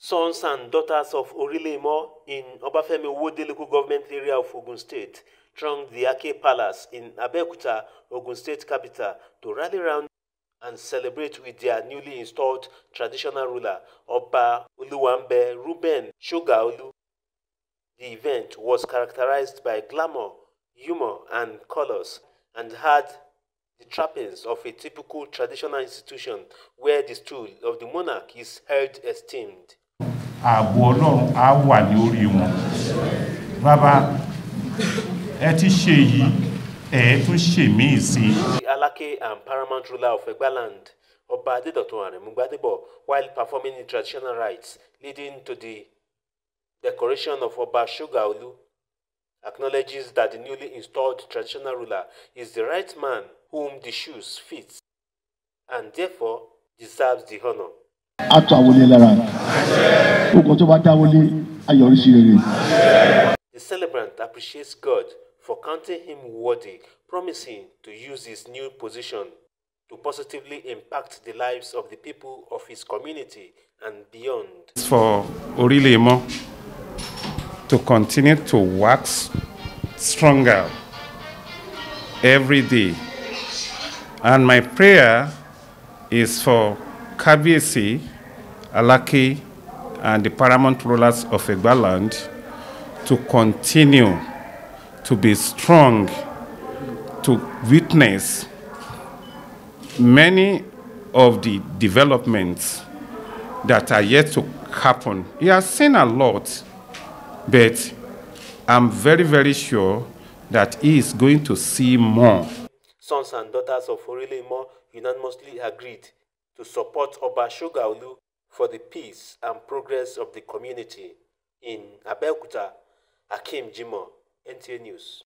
sons and daughters of Orilemo in Obafemi Owode local government area of Ogun State thronged the Ake Palace in Abeokuta, Ogun State capital, to rally round and celebrate with their newly installed traditional ruler, Oba Oluwambe Ruben Shogaolu. The event was characterized by glamour, humor, and colors, and had the trappings of a typical traditional institution where the stool of the monarch is held esteemed ààbò ọlọ́run á wà ní orí wọn bàbá ẹ ti ṣe èyí ẹ tún ṣe míì sí i. and paramount ruler of Egbaland Ọba Adédọ̀tun Arẹ̀mú Gbádébọ̀ while performing traditional rites leading to the decoration of Ọba Ṣógaolú acknowledges that the newly installed traditional ruler is the right man whom the shoes fit and therefore deserves the honour. a tún àwọn olè lára ogun tó bá dáwọ́lé ayọ̀rísí rere. The celebrant appreciates God for counting him worthy, promising to use his new position to positively impact the lives of the people of his community and beyond. For Orilemo to continue to wax stronger every day. And my prayer is for Kabiesi Alaki and the paramount rulers of Egbaland to continue to be strong, to witness many of the developments that are yet to happen. He has seen a lot, but I'm very, very sure that he is going to see more. Sons and daughters of Orile unanimously agreed to support Oba Shogaolu for the peace and progress of the community in Abeokuta, Akim Jimo, NTA News.